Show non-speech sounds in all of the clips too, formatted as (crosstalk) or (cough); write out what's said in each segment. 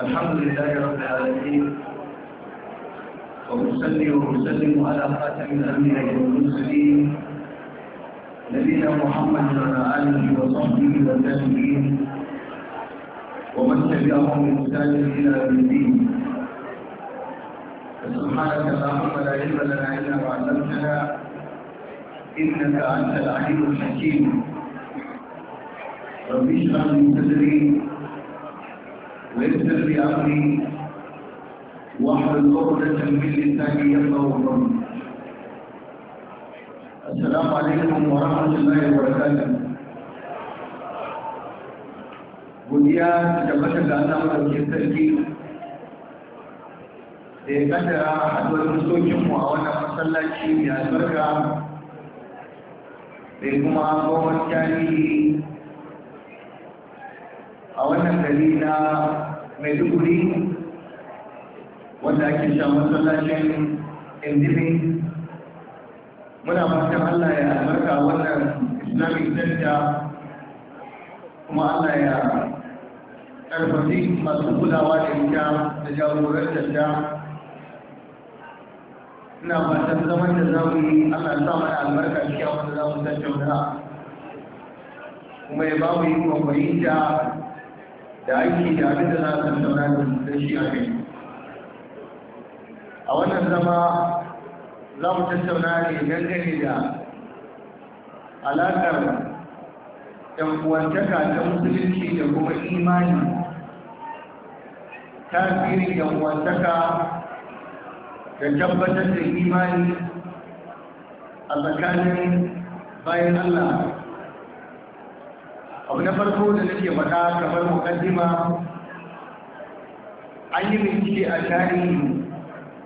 الحمد لله رب العالمين وأصلي وأسلم على خاتم الأنبياء والمرسلين نبينا محمد وعلى آله وصحبه وسلم ومن تبعهم بإحسان إلى يوم الدين سبحانك اللهم لا علم لنا إلا ما علمتنا إنك أنت العليم الحكيم رب اشرح لي صدري ويسر لي أمري واحلل من الإنسان يفقهوا السلام عليكم ورحمة الله وبركاته godiya tabbata ga Allah madaukakin sarki da ya kaddara haduwar musokinmu a wannan masallaci mai albarka da kuma gwamnati a wannan gari na mai duguri wanda ake sha masallacin indibi muna fatan allah ya albarka wannan islamic center kuma allah ya karfafi masu kulawa da ita da jagorantar ta ina fatan zaman da za mu yi allah sa mana albarka cikin wanda za mu tattauna kuma ya ba mu yi kwakwayinta da aiki da abin da za su tattauna da shi a kai a wannan zama za mu tattauna ne dangane da alaƙar yankuwantaka ta musulunci da kuma imani tasirin yankuwantaka da tabbatar da imani a tsakanin bayan Allah abu na farko da nake faɗa kamar mukaddima an yi bincike a tarihi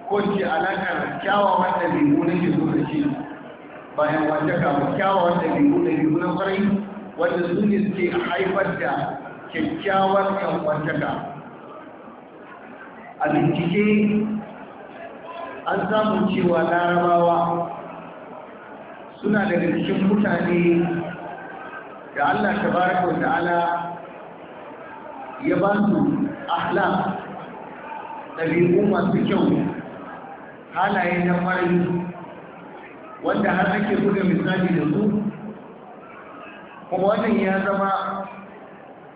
ko ce alaƙar kyawawan ɗabi'u na ke so da shi bayan wanda kama kyawawan da ɗabi'u na farai wanda su ne suke haifar da kyakkyawar yankwantaka a bincike an samu cewa larabawa suna daga cikin mutane da Allah Ta Ta wa ta'ala ya ba su ahlak ɗabi'u masu kyau halaye na marayu wanda har ake buga misali da su kuma wannan ya zama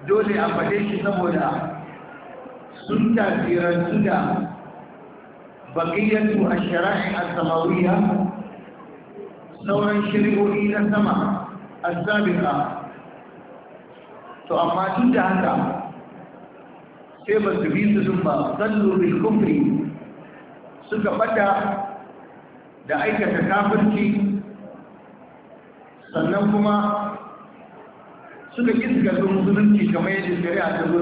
dole a faɗe shi saboda sun tasirantu da baƙiyyatu a shara'in a samawiya sauran shari'o'i na sama a sabira to amma duk da haka sai ba su bi su sun ba sallu bil kufri suka bata da aikata kafirci sannan kuma suka kiska su musulunci kamar yadda shari'a ta zo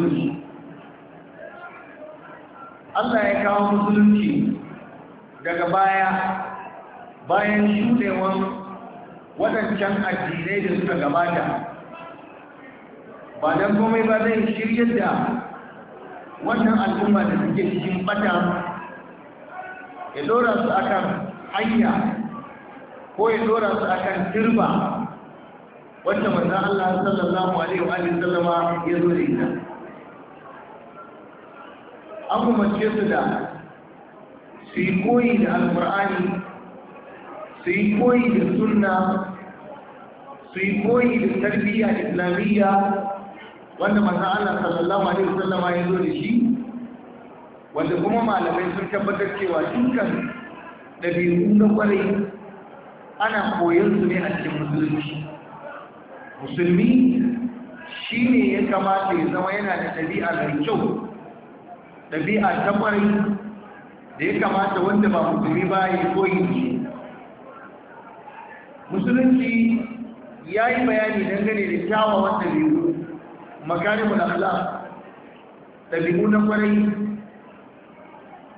Allah ya kawo musulunci daga baya bayan shudewan waɗancan addinai da suka gabata ba don komai ba zai shirya da wannan al'umma da suke cikin bata ya dora su akan hanya ko ya dora su akan turba wanda manzan Allah sallallahu alaihi wa sallama ya zo da ita an umarce su da su yi koyi da alfur'ani su yi koyi da sunna su yi koyi da tarbiyya islamiyya wanda masu Allah sallallahu alaihi wasallama ya zo da shi wanda kuma malamai sun tabbatar cewa dukkan ɗabi'u na kwarai ana koyar su ne a cikin musulunci musulmi shi ne ya kamata ya zama yana da ɗabi'a mai kyau ɗabi'a ta kwarai da ya kamata wanda ba musulmi ba ya koyi musulunci ya yi bayani dangane da kyawawan ɗabi'u makarimul akhlaq dabi'u na kwarai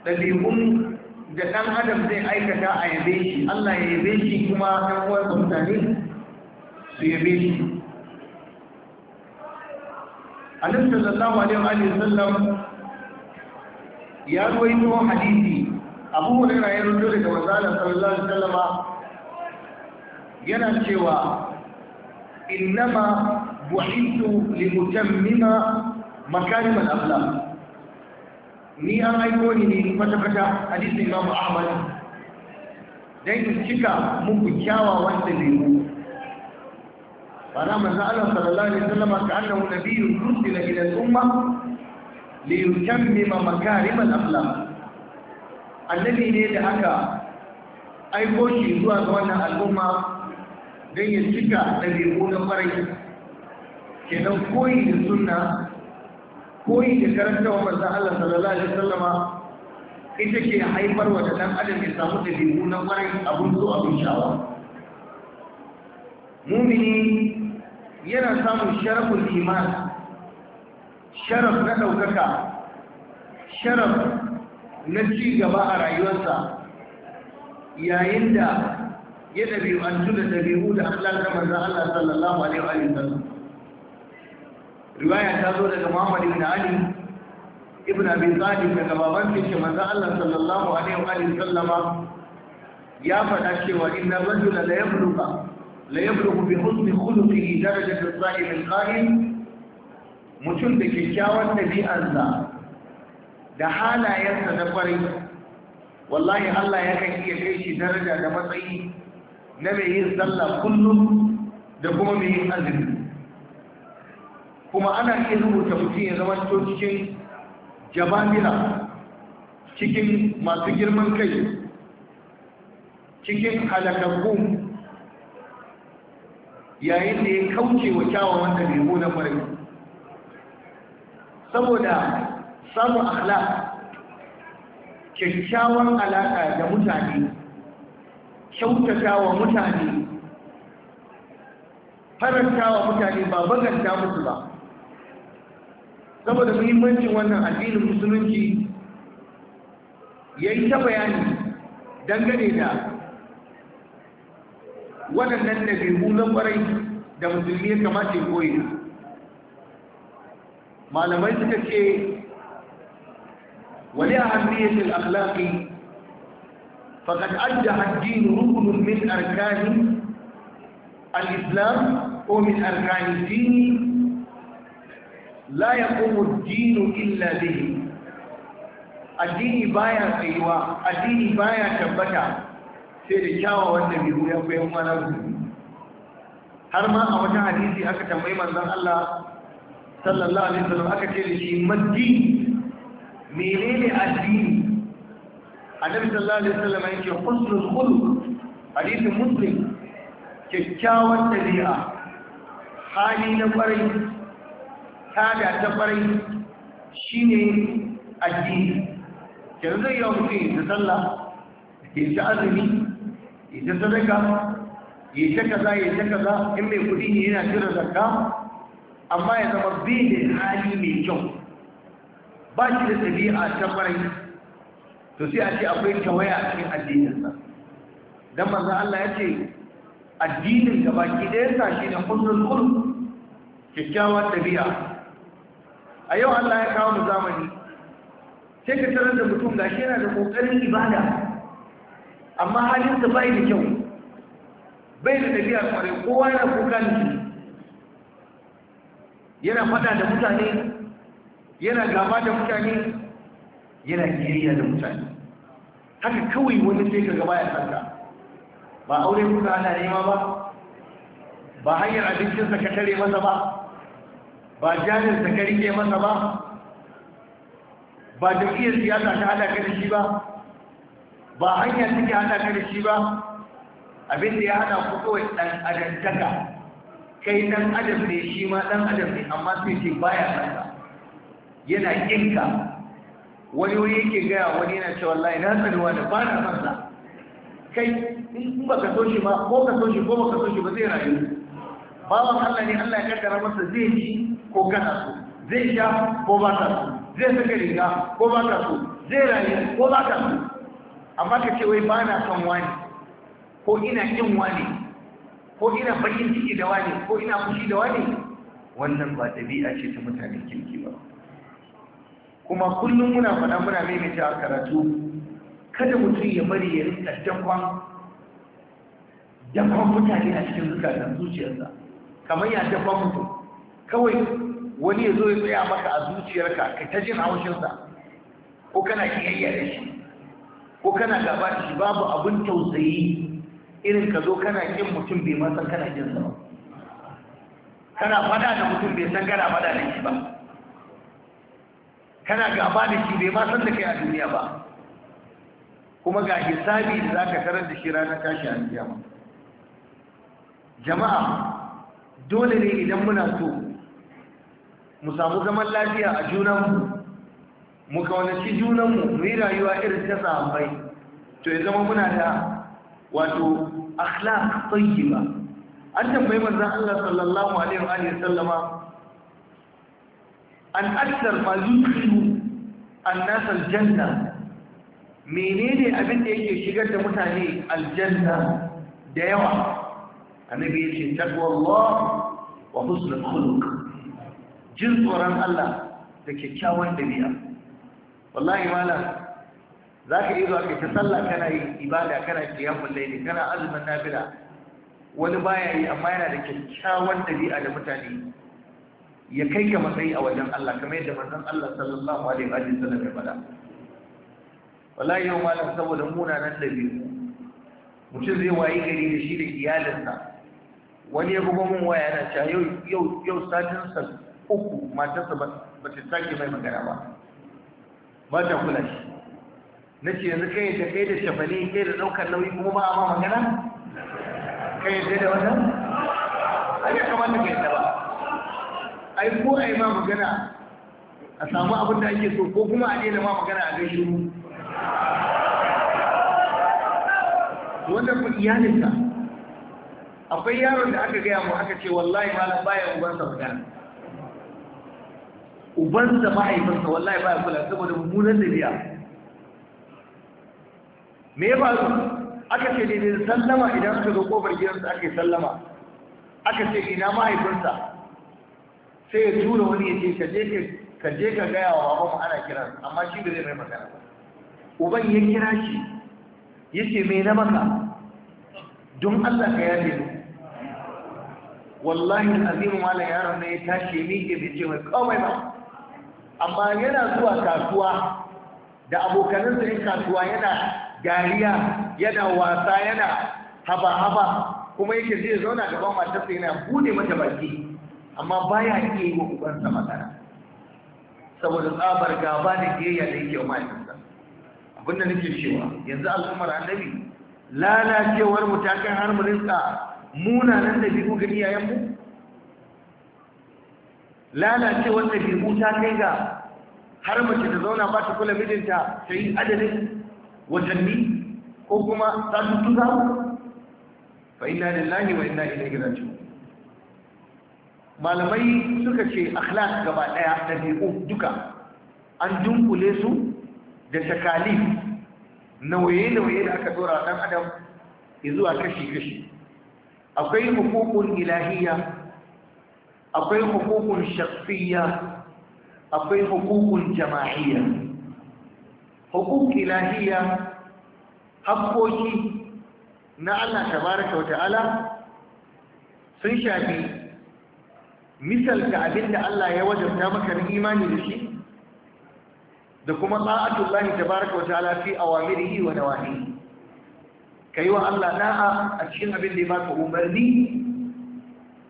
dabi'un da ɗan adam zai aikata a yabe shi Allah ya yabe shi kuma ɗan uwar mutane su yabe shi Annabi sallallahu alaihi wa sallam ya ruwaito hadisi Abu Hurairah yin ruwaito daga Manzon sallallahu alaihi wa sallama yana cewa innama bu'ithu li utammima makarim al-akhlaq ni an aiko ni ne kwata kwata hadisin Imam Ahmad dan in cika muku kyawawan dabi'u fara manzo Allah sallallahu alaihi wasallam ka annahu nabiyyun rusila ila al-umma li yutammima makarim al-akhlaq annabi ne da aka aiko shi zuwa ga wannan al'umma dan ya cika dabi'u na farai kenan koyi da suna, koyi da karantawa manzon Allah sallallahu alaihi wasallama ita ke haifar wa da dan adam ya samu dabi'u na kwarai abun so abun shawa. mumini yana samun sharafin iman sharaf na ɗaukaka sharaf na ci gaba a rayuwarsa yayin da ya ɗabi'u an tuna ɗabi'u da Allah ta manzan Allah sallallahu alaihi wa riwaya ta zo daga Muhammad ibn Ali ibn Abi Talib daga baban shi manzo Allah sallallahu alaihi wa alihi sallama ya faɗa cewa inna rajula la yabluqa la yablughu bi husni khuluqihi darajat as-sa'im al-qa'im mutum da kyakkyawan dabi'arsa da halayensa na kwarai wallahi Allah ya yakan iya kai shi daraja da matsayi na mai yin sallah kullum da kuma mai yin azumi kuma ana iya rubuta mutum ya zama cikin jabamila cikin masu girman kai cikin halakakku yayin da ya kauce wa kyawawan ɗabi'u na farai saboda samun akhlaq kyakkyawan alaƙa da mutane kyautata wa mutane faranta wa mutane ba baganta musu ba saboda muhimmancin wannan addinin musulunci ya yi ta bayani dangane da waɗannan ɗabi'u na ƙwarai da musulmi ya kamata malamai suka ce wani a hannun akhlaqi faqad adda ad-din rukunin min arkani al-islam ko min arkani dini la ya ad dino illa bihi addini baya tsayuwa addini baya tabbata sai da kyawawan dabi'u ya koyan mana har ma a wata hadisi aka tambayi manzon Allah sallallahu alaihi wasallam aka ce da shi maddi menene addini annabi sallallahu alaihi wasallam yake husnul khuluq hadisi muslim kyakkyawan dabi'a hali na kwarai tada ta farai shine addini yanzu zai yi ta ya sallah ta azumi ya ta sadaka ya ta kaza ya ta kaza in mai kudi ne yana jira zakka amma ya zama bi da hali mai kyau ba shi da tabi'a ta farai to sai a ce akwai kyawaya a cikin addininsa dan Allah ya ce addinin gabaki ɗayansa shine husnul khuluq kyakkyawa tabi'a a yau Allah ya kawo mu zamani sai ka tarar da mutum gashi yana da kokarin ibada amma halin da bai da kyau bai da dabi'a kware kowa yana kuka ne yana fada da mutane yana gaba da mutane yana kiyayya da mutane haka kawai wani sai ka gaba ya sanka ba aure kuka ana nema ba ba hanyar abincinsa ka tare masa ba ba jarin ka rike masa ba ba jam'iyyar siyasa ta hada ka da shi ba ba hanyar suke hada ka da shi ba Abinda ya hada ku kawai dan adantaka kai dan adam ne shi ma dan adam ne amma sai ce baya kanka yana kinka wani wani yake gaya wani yana cewa wallahi na tsanuwa da ba na kansa kai in ba ka so shi ba ko ka so shi ko ba ka so shi ba zai rayu bawan Allah ne Allah ya kaddara masa zai ji ko kana so zai sha ko ba ka so zai saka riga ko ba ka so zai rayu ko ba ka so amma ka ce wai ba na son wani ko ina yin wani ko ina bakin ciki da wani ko ina fushi da wani wannan ba ɗabi'a ce ta mutanen kirki ba kuma kullum muna faɗa muna maimaita a karatu kada mutum ya bari ya rinka dakon dakon mutane a cikin zukatan zuciyarsa kamar ya dakon mutum kawai wani ya zo ya tsaya maka a zuciyarka ka ta jin haushinsa ko kana kiyayya da shi ko kana gaba da shi babu abin tausayi irin ka zo kana kin mutum bai ma san kana jin ba kana fada da mutum bai san kana fada da shi ba kana gaba da shi bai ma san da kai a duniya ba kuma ga hisabi da zaka tarar da shi ranar tashi a kiyama jama'a dole ne idan muna so mu samu zaman lafiya a junanmu mu kaunaci junanmu mu yi rayuwa irin ta sahabbai to ya zama muna da wato akhlaq tayyiba an tambayi manzon Allah sallallahu alaihi wa sallama an akthar ma yudkhilu an-nas al-janna menene abin da yake shigar da mutane aljanna da yawa annabi yake taqwallah wa husnul khuluq jin tsoron Allah da kyakkyawan dabi'a wallahi mala za ka yi zuwa kai ta sallah kana yi ibada kana kiyamun laili kana azumin nafila wani baya yi amma yana da kyakkyawan dabi'a da mutane ya kai ka matsayi a wajen Allah kamar yadda manzon Allah sallallahu alaihi wa sallam ya faɗa wallahi yau mala saboda munanan dabi'u mutum zai wayi gari da shi da iyalinsa wani ya bugo min waya yana cewa yau yau yau satin sallah uku matarsa ba ta sake mai magana ba ba ta kula shi na ce yanzu kai da kai da shafali kai da ɗaukar nauyi kuma ba a ma magana kai da da wannan ai kamar da kai yadda ba ai ko a yi ma magana a samu abin da ake so ko kuma a daina ma magana a gaishe mu wanda ku iyalinka akwai yaron da aka gaya mu aka ce wallahi malam baya ubansa magana Uban da mahaifinsa wallahi ba ya kula saboda mummunan dabi'a me ya faru aka ce ne sallama idan aka zo kofar gidansa ake sallama aka ce ina mahaifinsa sai ya tura wani ya ce ka je ka je ka gaya wa baban mu ana kiran amma shi da zai mai magana ba uban ya kira shi ya ce me na maka don Allah ka yafe mu wallahi azimu malam yaron ne ya tashi ni ke bi ce mai kawai ba amma yana zuwa kasuwa da abokanansa yin kasuwa yana gariya yana wasa yana haba-haba kuma yake zai zauna gaban matarsa yana bude mata baki amma baya iya yi wa ubansa magana saboda tsabar gaba da kiyayya da yake wa abin da nake cewa yanzu al'ummar annabi lalacewar mu ta kan har mu munanan da biyu gani yayan mu wanda ɗabi'u ta kai ga har mace ta zauna ba ta kula mijinta ta yi adadin watanni ko kuma ta mu fa da lillahi wa ina ilaihi raji'un malamai suka ce akhlaq gaba daya ɗabi'u duka an dunkule su da takali nauye-nauye da aka dora dan adam zuwa kashi-kashi akwai hukukun ilahiyya akwai hukukun shakhsiyya akwai hukukun jama'iyya hukuk ilahiyya hakkoki na Allah tabaraka wata'ala sun shafi misalta abinda Allah ya wajabta maka na imani da shi da kuma ta'atullahi tabaraka wata'ala fi awamirihi wa nawahihi yi wa Allah na'a a cikin abin da ya baka umarni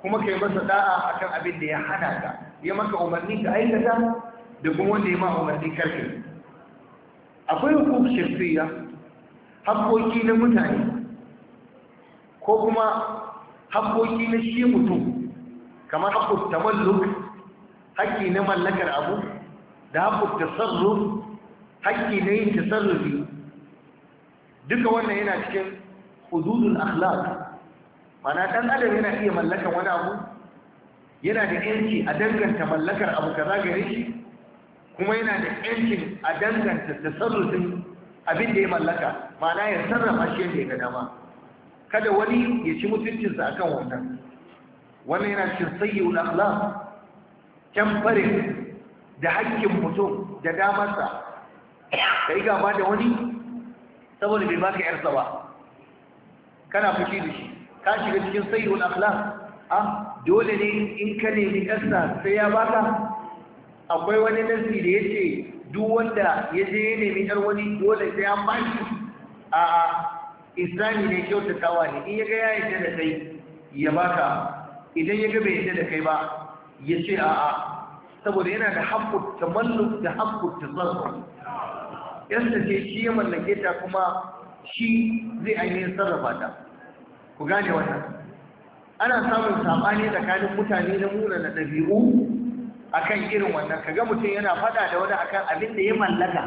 kuma kai masa da'a akan abin da ya hana ka ya maka umarni ka aikata da kuma wanda ya ma umarni karfe akwai hukum shirfiya hakkoki na mutane ko kuma hakkoki na shi mutum kamar hakkun malluk hakki na mallakar abu da hakkun tasarruf haƙƙi na yin tasarrufi duka wannan yana cikin hududun akhlaq mana ɗan adam yana iya mallakar wani abu yana da yanci a danganta mallakar abu kaza gare shi kuma yana da yancin a danganta da sarrafin abin da ya mallaka mana ya sarrafa shi yadda ya ga dama kada wani ya ci mutuncinsa akan wannan wannan yana cikin sayyul akhlaq tamfarin da hakkin mutum da damarsa kai ba da wani saboda bai baka yarsa ba kana fushi da shi ka shiga cikin sayyul akhlaq ah dole ne in ka nemi ƙasa sai ya baka akwai wani nasi da yace duk wanda ya je ya nemi yar wani dole sai an bashi a islami ne kyautatawa ne in ya ga ya da kai ya baka idan yaga bai yarda da kai ba ya ce a'a saboda yana da ta tamalluk da ta tasarruf yasta ce shi ya mallake ta kuma shi zai ainihin sarrafa ta ku gane wannan ana samun saɓani tsakanin mutane na mura na ɗabi'u kan irin wannan kaga mutum yana faɗa da wani akan abin da ya mallaka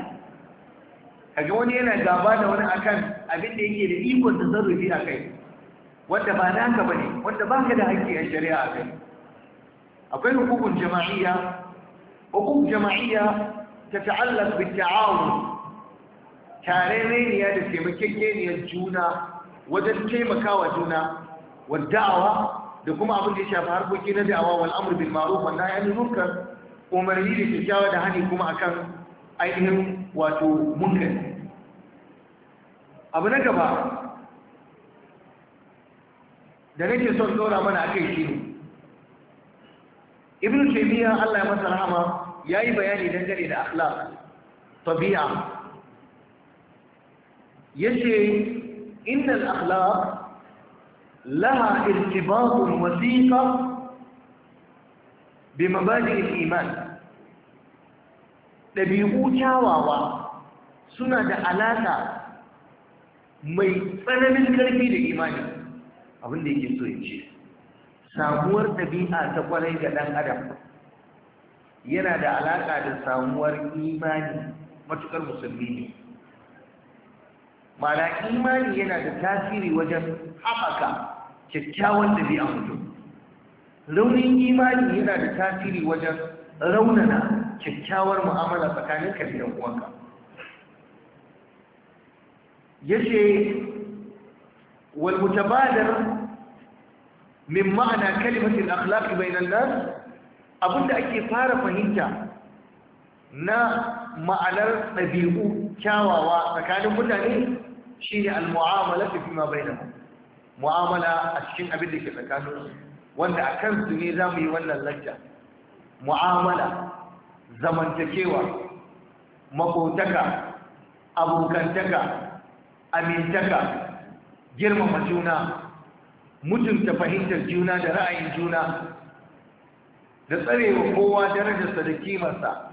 kaga wani yana gaba da wani akan abin da yake da ikon da zarrufi a kai wanda ba naka ne, wanda ba ka da haƙƙi a shari'a a kai akwai hukukun jama'iyya hukuk jama'iyya tata'allaq bi ta'awun tare ne da taimakekeniyar juna wajen taimakawa juna wa da'awa da kuma abin da ya shafi harkoki na da'awa wal amr bil ma'ruf wa nahy anil munkar umarni da kyakkyawa da hani kuma akan ainihin wato munkar abu na gaba da nake son tsora mana akai shi ne ibnu taymiya Allah ya masa rahama yayi bayani dangane da akhlaq tabi'a yace إن الأخلاق لها ارتباط وثيقة بمبادئ الإيمان ɗabi'u kyawawa suna da alaƙa mai tsananin ƙarfi da imani abinda yake so ya ce samuwar ɗabi'a ta kwarai ga ɗan adam yana da alaƙa da samuwar imani matuƙar musulmi ne mana imani yana da tasiri wajen haɓaka kyakkyawan biya mutum raunin imani yana da tasiri wajen raunana kyakkyawar mu'amala tsakanin ka da ce yace ba da min ma'ana kalimatul akhlaqi bainan nas abinda ake fara fahimta na ma'anar ɗabi'u kyawawa tsakanin mutane shine ne muamala fi ma bainahum mu'amala a cikin abin da ke tsakaninsu wanda a su ne za mu yi wannan lajja mu'amala zamantakewa makotaka abokantaka amintaka girmama juna mutunta fahimtar juna da ra'ayin juna da tsarewa kowa darajarsa da kimarsa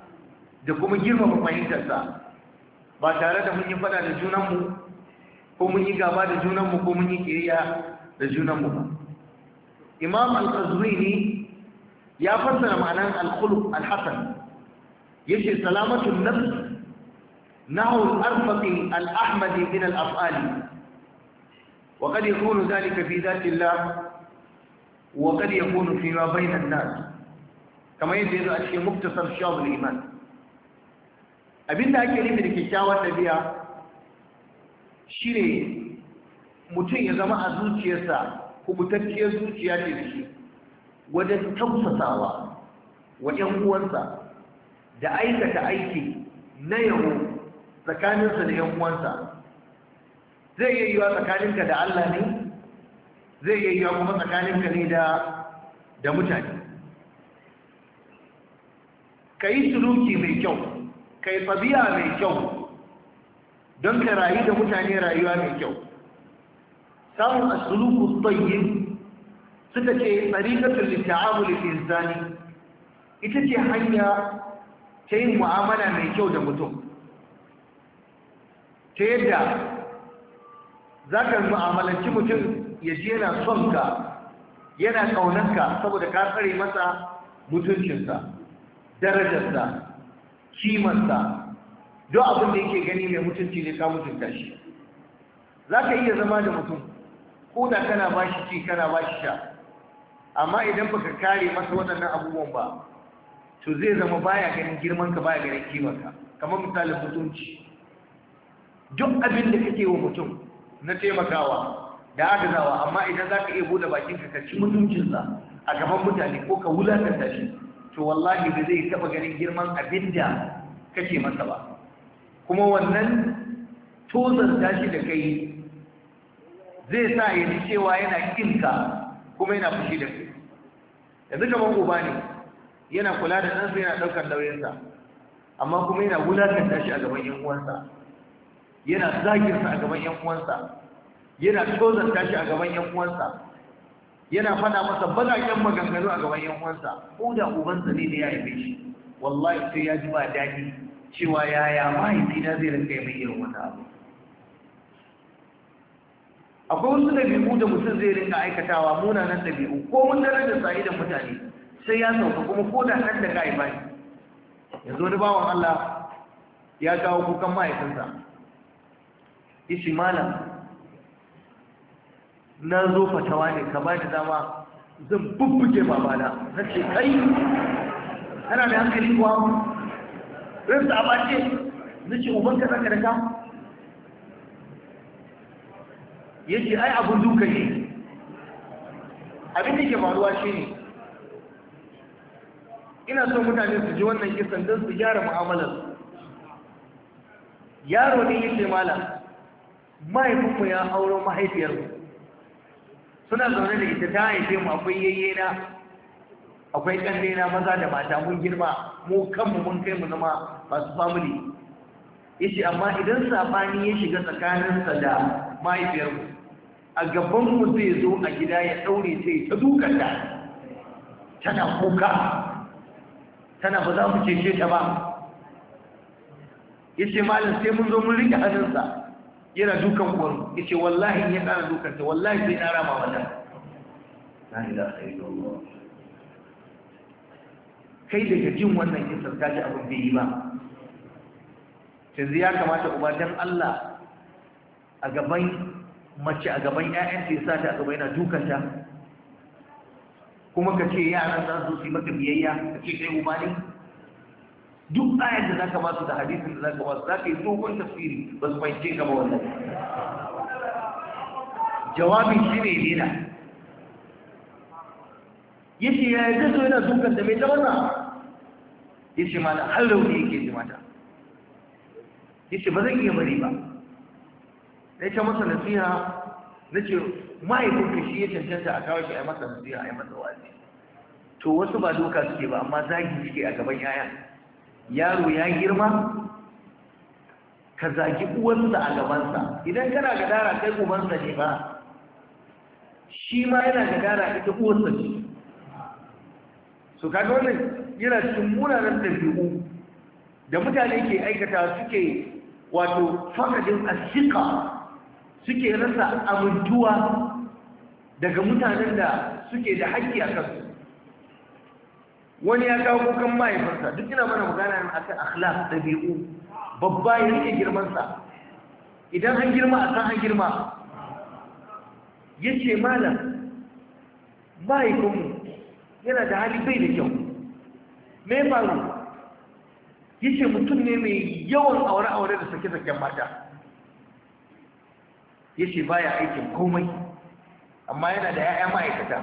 da kuma girmama fahimtarsa ba tare da mun yi fada da junanmu ko mun yi gaba da junanmu ko mun yi kiyayya da junanmu ba imam al-qazwini ya fassara ma'anar al-khuluq al-hasan yace salamatu nafs nahu al-arfaqi al-ahmadi min al-af'ali wa qad yakunu dhalika fi dhati Allah wa qad yakunu fi ma bayna an-nas kamar yadda yazo a cikin muktasar shawul iman abinda ake nufi da kyakkyawar dabi'a shi ne mutum ya zama a zuciyarsa kubutacciyar zuciya ce shi wajen tausasawa wa ‘yan uwansa da aikata aiki na yau tsakaninsa da ‘yan uwansa zai iya yiwuwa tsakaninka da Allah ne zai iya yiwuwa kuma tsakaninka ne da mutane ka yi mai kyau ka yi mai kyau don ka rayu da mutane rayuwa mai kyau samun asuluku tsayin suka ce tsarikatun litta'amulin insani ita ce hanya ta yin mu'amala mai kyau da mutum ta yadda za ka mu'amalanci mutum ya ji yana son ka yana ka saboda ka tsare masa mutuncinsa darajarsa kimarsa duk abin da yake gani mai mutunci ne ka mutunta shi za ka iya zama da mutum ko da kana ba shi ci kana ba shi sha amma idan baka kare masa waɗannan abubuwan ba to zai zama baya ganin girman ka baya ganin kimanka kamar misalin mutunci duk abin da kake wa mutum na taimakawa da agazawa amma idan za ka iya bude bakin ka ci mutuncinsa a gaban mutane ko ka da shi to wallahi ba zai taɓa ganin girman abin da kake masa ba kuma wannan tozar tashi da kai zai sa ya ji cewa yana kinka kuma yana fushi da kai yanzu kamar uba ne yana kula da ɗansa yana ɗaukar nauyinsa amma kuma yana wulakanta tashi a gaban yan uwansa yana zagirsa a gaban yan uwansa yana tozarta tashi a gaban yan uwansa yana fada masa bazaƙen maganganu a gaban yan uwansa ko da ubansa ne da ya haife shi wallahi sai ya ji ba daɗi cewa yaya mahaifina zai rinka mai irin wata abu akwai wasu ɗabi'u da mutum zai rinka aikatawa munanan ɗabi'u ko mun darajar sa'i da mutane sai ya sauka kuma ko da an da ka'i ya yanzu wani bawan Allah ya kawo kukan mahaifinsa ishi malam na zo fatawa ne ka bani dama zan bubbuge babana na ce kai kana da hankali kuwa rinsu a bace ce uban ka zaka da ka yace ai abin duka ne abin da ke faruwa shine ina so mutane su ji wannan kisan don su gyara mu'amalar yaro ne yake mala mahaifinmu ya auro mahaifiyarmu suna zaune da ita ta haife mu akwai yayyena na akwai ƙanne na maza da mata mun girma mu kanmu mun kai mu zama masu family ishi amma idan safani ya shiga tsakaninsa da mahaifiyarmu a gaban mu zai zo a gida ya ɗaure sai ta dukanta tana kuka tana ba za mu cece ta ba ya ce sai mun zo mun rike hannunsa yana dukan kuwar ya ce wallahi ya ƙara dukanta wallahi sai ya rama wannan na ila sai kai daga jin wannan kisar kaji abin bai yi ba yanzu ya kamata uba dan Allah a gaban mace a gaban 'ya'yan ta yasa ta a gaba yana dukanta kuma ka ce yaran za su yi maka biyayya ka ce kai uba ne duk ayar da za ka su da hadisin da za ka masu za ka yi dogon tafsiri ba su fahimce ka ba wannan jawabin shi ne dena yake ya yarda so yana dukanta mai ta yace ce har rauni yake ji mata yace ba zan iya bari ba sai ta masa nasiha na ce ma'aikunka shi ya cancanta a kawo shi a masa nasiha a masa wazi to wasu ba doka suke ba amma zagi suke a gaban yaya yaro ya girma ka zagi uwansa a gabansa idan kana dara kai ubansa ne ba shi ma yana dara ita uwansa ce so kaga wannan yana cikin munanan ɗabi'u da mutane ke aikata suke wato fakadin asika suke rasa amintuwa daga mutanen da suke da haƙƙi a kansu wani ya kawo kukan mahaifarsa duk ina mana magana ne akan akhlaq ɗabi'u babba ya rike girmansa idan an girma a san an girma ya ce malam mahaifinmu yana da hali bai da kyau mai faru yake mutum ne mai yawan aure-aure da sake-saken mata ba baya aikin komai amma yana da 'ya'ya ma'aikata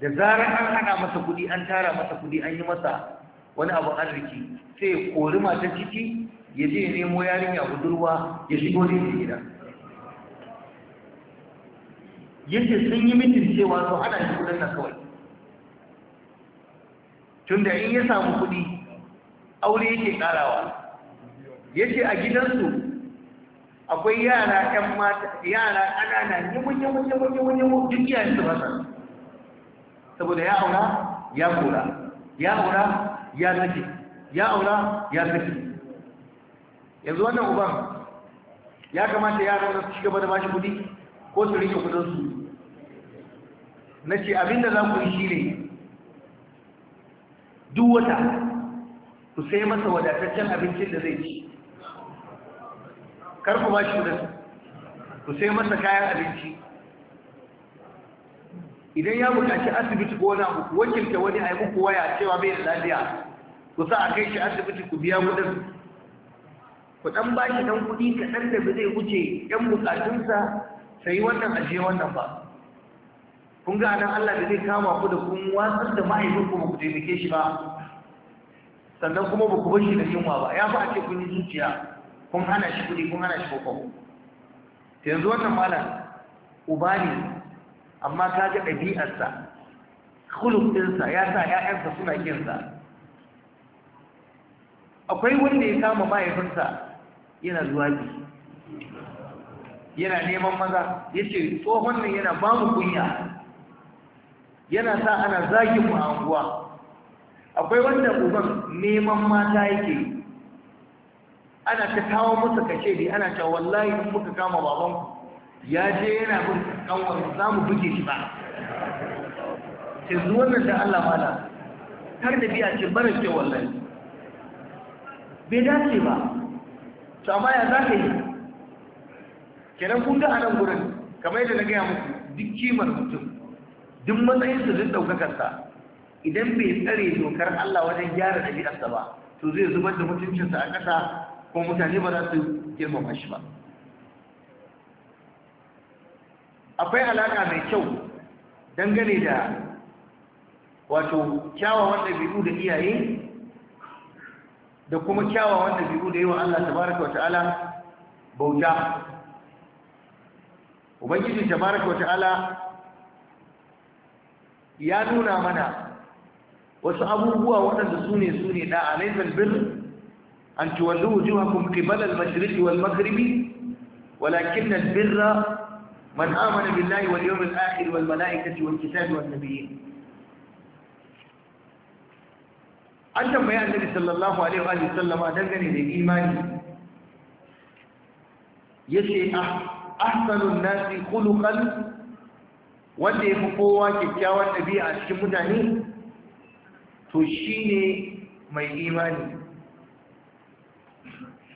da zarar an hana masa kuɗi an tara masa kuɗi an yi masa wani abu arziki sai kori mata ciki ya je nemo yarinya budurwa ya shigo ne da gida yake sun yi mitin cewa su hana shi kudin na kawai tunda in ya samu kuɗi aure yake ƙarawa yace a gidansu akwai yara ƴan mata yara ƙanana yawan yawan yawan yawan yawan duk iyayen su ba saboda ya aura ya kora ya aura ya sake ya aura ya sake yanzu wannan uban ya kamata yaran zama su shiga da bashi kuɗi ko su rike kuɗinsu na ce abinda za ku yi shi ne duk wata ku sai masa wadataccen abincin da zai ci kar ku ba shi da ku sai masa kayan abinci idan ya bukaci asibiti ko wani abu wakilta wani a yi muku waya cewa bai da lafiya ku sa a kai shi asibiti ku biya kudin ku ɗan ba shi ɗan kuɗi kaɗan da zai wuce 'yan buƙatunsa sai wannan aje wannan ba kun ga nan Allah da zai kama ku da kun watsar da ma'aikinku ba ku taimake shi ba sannan kuma ba ku bar shi da yunwa ba ya fi a ce kun yi zuciya kun hana shi kuɗi kun hana shi kokon yanzu wannan malam uba ne amma ka ga ɗabi'arsa kulub ɗinsa ya sa ‘ya'yansa suna kinsa akwai wanda ya kama mahaifinsa yana zuwa yana neman maza ya ce tsohon nan yana ba mu kunya yana sa ana zagin mu a anguwa akwai wanda uban neman mata yake ana ta kawo musu kashe ne ana ta wallahi in muka kama ku. ya je yana bin kanwar za mu buge shi ba ce zuwan nan da Allah mala har da biya ce barin ce wallahi bai dace ba to amma ya za ka yi kenan kun ga a nan gurin kamar yadda na gaya muku duk kimar mutum duk matsayin matsayinsa duk sa, idan bai tsare dokar Allah wajen gyara ɗabi'arsa ba to zai zubar da mutuncinsa a kasa ko mutane ba za su girmama shi ba akwai alaka mai kyau dangane da wato kyawawan ɗabi'u da iyaye da kuma kyawawan ɗabi'u da yawa Allah tabaraka ta'ala bauta ubangiji tabaraka ta'ala ya nuna mana wasu abubuwa waɗanda su ne su ne ɗan alaizal bir an wanzu hujju hakun kibalar mashirki wal makarbi birra man amana billahi wal yawon al'akhir wal mala'ikaci wal kitabi wal nabiye an tambaya annabi sallallahu alaihi wa sallama dangane da imani yace ah ahsanun nasi khuluqan wanda ya fi kowa kyakkyawan ɗabi'a a cikin mutane to shi ne mai imani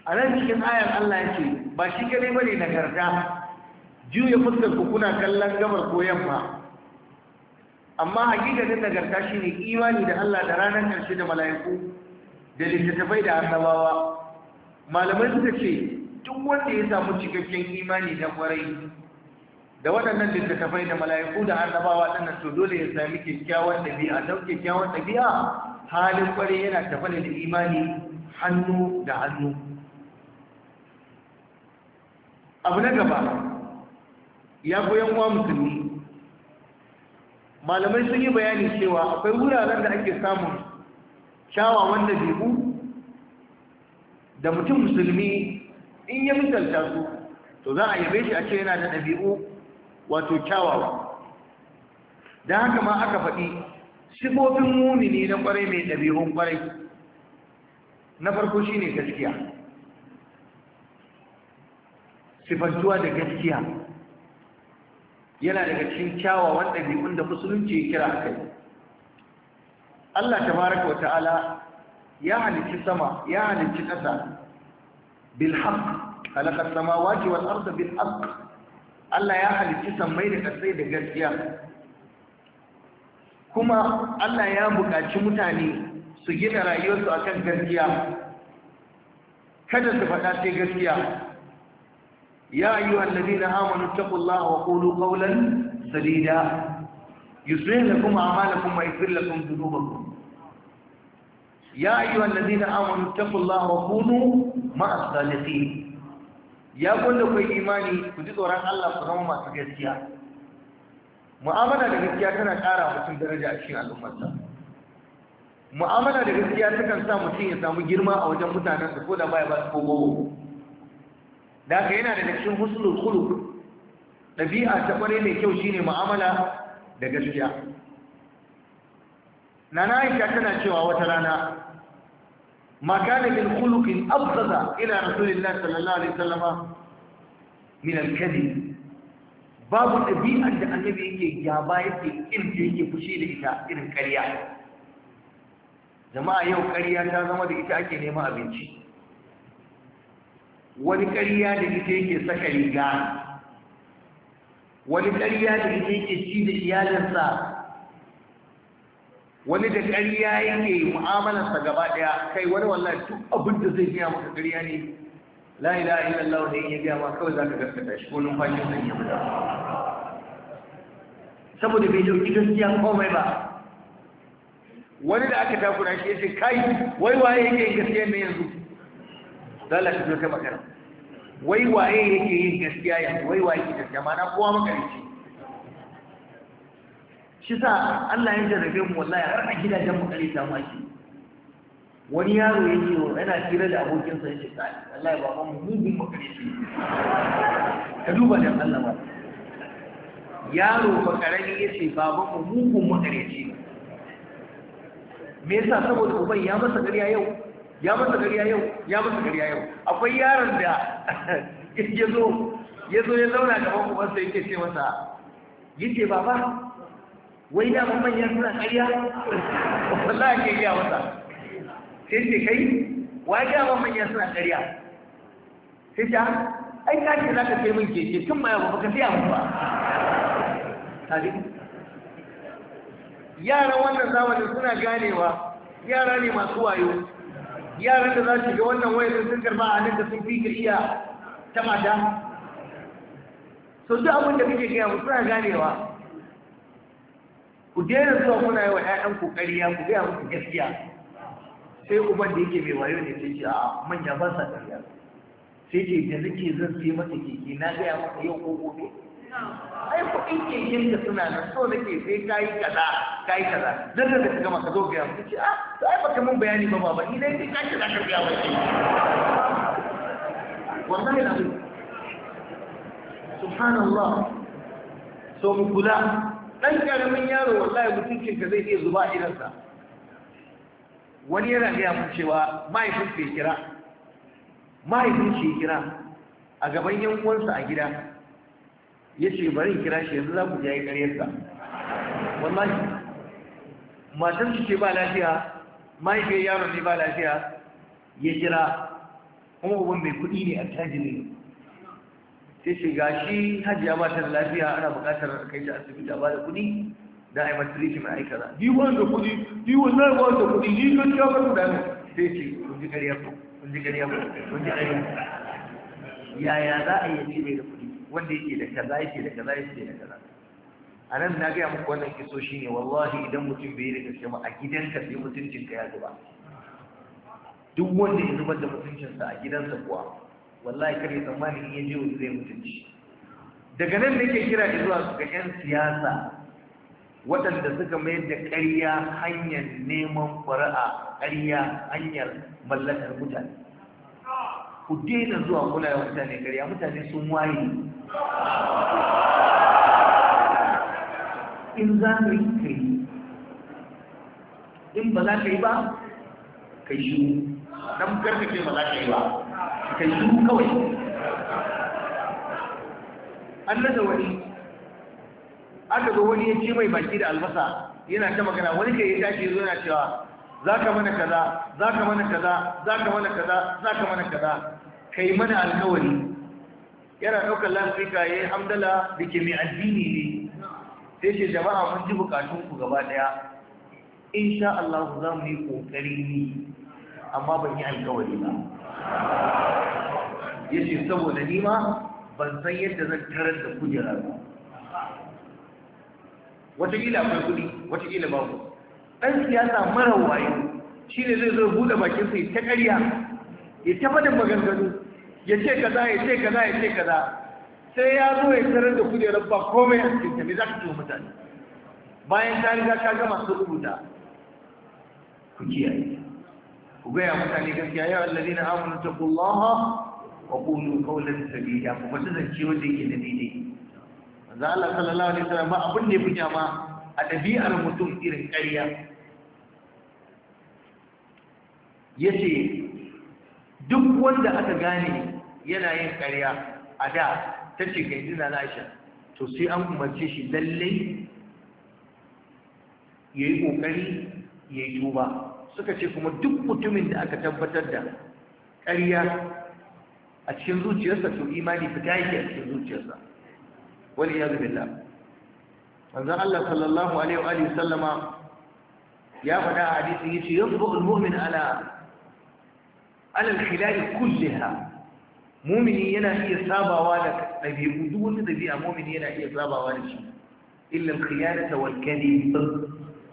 a nan cikin ayar Allah ya ce ba shi gare bane nagarta juya fuskar ku kuna kallon gamar koyon ba. amma na nagarta shi ne imani da Allah da ranar karshe da mala'iku da littattafai da annabawa malamai suka ce duk wanda ya samu cikakken imani da kwarai da waɗannan littattafai da mala'iku da annabawa ɗannan to dole ya sami kyakkyawan ɗabi'a don kyakkyawan ɗabi'a halin kwarai yana tafa da imani hannu da hannu abu na gaba ya goyon wa musulmi malamai sun yi bayani cewa akwai wuraren da ake samun kyawawan ɗabi'u da mutum musulmi in ya misalta su to za a yabe shi a ce yana da ɗabi'u wato kyawawa da haka ma aka faɗi sifofin mumini na ƙwarai mai ɗabi'un ƙwarai na farko shi ne gaskiya sifantuwa da gaskiya yana daga cikin kyawawan ɗabi'un da musulunci kira a kai Allah tabaraka wa ta'ala ya halicci sama ya halicci ƙasa bil haqq khalaqa as-samawati wal Allah ya halicci sammai da ƙasai da gaskiya kuma Allah ya buƙaci mutane su gina rayuwarsu akan gaskiya kada su faɗa sai gaskiya ya ayyuhan ladina amanu taqullaha wa qulu qawlan sadida يصلح لكم أعمالكم ويغفر لكم ذنوبكم يا أيها الذين آمنوا اتقوا wa وكونوا مع الصالحين ya gwanda kai imani ku ji tsoron Allah ku zama masu gaskiya mu'amala da gaskiya tana ƙara mutum daraja a cikin al'ummarsa mu'amala da gaskiya takan sa mutum ya samu girma a wajen mutanen ko da baya ba su kogo da haka yana daga cikin husnul khuluq ɗabi'a ta ƙware mai kyau shine mu'amala da gaskiya nana aisha tana cewa wata rana ما كان من خلق أبغض إلى رسول الله صلى الله عليه وسلم من babu ɗabi'ar da annabi yake gaba yake ƙirce yake fushi da ita irin ƙarya jama'a yau ƙarya ta zama da ita ake neman abinci wani ƙarya da ita yake saka riga wani ƙarya da ita yake ci da iyalinsa wani da ƙarya yake mu'amalarsa gaba ɗaya kai wani wallahi duk abin da zai gaya maka ƙarya ne la ilaha illallah da ya gaya ma kawai zaka gaskata shi ko numfashin zan yi mutum saboda bai dauki gaskiya komai ba wani da aka takura shi yace kai wai waye yake yin gaskiya ne yanzu dala shi kai magana wai waye yake yin gaskiya yanzu wai waye yake gaskiya ma na kowa makarici shi sa Allah ya jarrabe mu wallahi har a gidajen mu kare ta mu ake wani yaro ya ce yana tira da abokin ya ce kai wallahi ba mu mugun makare shi ka duba da Allah ba yaro ba karami ya ce baban mu mugun makare shi me yasa saboda uban ya masa ƙarya yau ya masa ƙarya yau ya masa ƙarya yau akwai yaron da (laughs) ya zo ya zo ya zauna gaban ubansa yake ce masa yace baba wai da mun manyan suna ƙarya wallahi ke ga wata sai ce kai wai da mun manyan suna ƙarya sai ta ah, ai ka ce zaka kai min keke tun ma yau baka siya mun ba tabi yaran wannan zamani suna ganewa yara ne masu wayo yaran da za su ga wannan wayar sun karba a nan da sun fikir iya ta mata so duk abin da kake gaya mu suna ganewa ku daina zuwa kuna yi wa ƴaƴan ku ƙarya ku gaya musu gaskiya sai uban da yake mai wayo ne sai ce a manya ba sa ƙarya sai ce da nake zan sai masa keke na gaya maka yau ko gobe ai kuɗin keken da suna nan so nake sai kayi kaza kayi kaza zan da ka gama ka zo gaya mu ce a to ai baka mun bayani ba baba ina yake ka ce za ka biya wai wallahi na subhanallah so mu kula ɗan ƙaramin yaro wallahi mutuncin ka zai iya zuba idansa wani yana gaya mun cewa mahaifin ke kira mahaifin ke kira a gaban yan uwansa a gida ya ce bari kira shi yanzu za ku yi ƙaryarsa wallahi matan su ce ba lafiya mahaifiyar yaron ne ba lafiya ya jira kuma uban mai kuɗi ne a ne. sai shi gashi hajiya ba ta da lafiya ana buƙatar kai ta asibiti a bada kuɗi da a yi mata a yi kaza ni wanda kuɗi ni wannan wanda kuɗi ni kan ya ba da mu sai ce kun ji ƙarya ku kun ji ƙarya ku kun ji ƙarya yaya za a yi ce mai da kuɗi wanda yake da kaza yake da kaza yake da kaza a nan na gaya muku wannan kiso shine wallahi idan mutum bai yi da gaske ba a gidanka sai mutuncinka ya zuba duk wanda ya zubar da mutuncinsa a gidansa kuwa wallahi kar yi tsammanin ya je wani zai mutunci daga nan nake kira zuwa ga 'yan siyasa waɗanda suka mayar da ƙarya hanyar neman fara'a ƙarya hanyar mallakar mutane ku daina zuwa kula yawan mutane ƙarya mutane sun waye in za ka yi ka yi in ba za ka yi ba ka yi shi don karkace ba za ka yi ba kai su kawai an nada wani aka ga wani ya ce mai baki da albasa yana ta magana wani ka ya tashi zo yana cewa za ka mana kaza za ka mana kaza za ka mana kaza za ka mana kaza kai mana alkawari yana ɗaukar lafika ya yi hamdala da ke mai addini ne sai ce jama'a mun ji bukatunku gaba ɗaya in sha Allah za mu yi ƙoƙari ne amma ban yi alkawari ba yace saboda ni ma ban san yadda zan tarar da kujera ba wataƙila akwai kuɗi wataƙila babu ɗan siyasa mara wayo shi ne zai zo buɗe bakin sai ta ƙarya ya tafa da maganganu ya ce kaza ya ce kaza ya ce kaza sai ya zo ya tarar da kujerar ba komai a cikin tafi za ka ce mutane bayan ta riga ka gama su rubuta ku kiyaye ku gaya mutane gaskiya ya allazina amanu taqullaha wa qulu qawlan sadida ku fata zance wanda yake da daidai manzo Allah sallallahu alaihi wasallam ba abun ne ya ma a dabi'ar mutum irin ƙarya yace duk wanda aka gane yana yin ƙarya a da ta ce ga idina lashe, to sai an umarce shi lallai yayi kokari yi tuba suka ce kuma duk mutumin da aka tabbatar da ƙarya a cikin zuciyarsa to imani fita yake a cikin zuciyarsa wani ya zubi la manzan Allah sallallahu alaihi wa alihi sallama ya faɗa a hadisin yace yanzu al-mu'min ala ala al-khilal kullaha mu'mini yana iya sabawa da dabi'u duk wani dabi'a mu'mini yana iya sabawa da shi illa al-khiyarata wal kadhib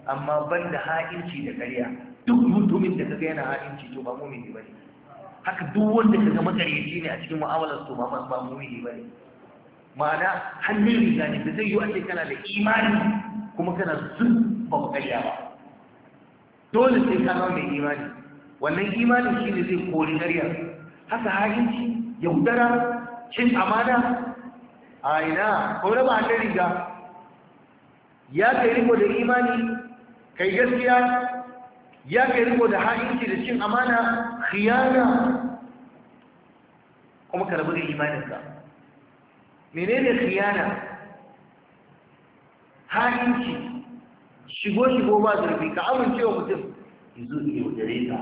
amma banda ha'inci da ƙarya duk mutumin da kaga yana ha'inci to ba mumini bane haka duk wanda kaga makareci ne a cikin mu'amalar to ba ba mumini bane ma'ana hannun riga ne da zai yi a kana da imani kuma kana zun ba ƙarya ba dole sai ka zama mai imani wannan imanin shi ne zai kori ƙarya haka ha'inci yaudara cin amana a ina ko raba hannun riga ya kai riko da imani kai gaskiya ya kai riko da ha'inci da cin amana khiyana kuma ka rabu da imaninka menene khiyana ha'inci shigo shigo ba zurfi ka amince wa mutum yanzu ne dare ka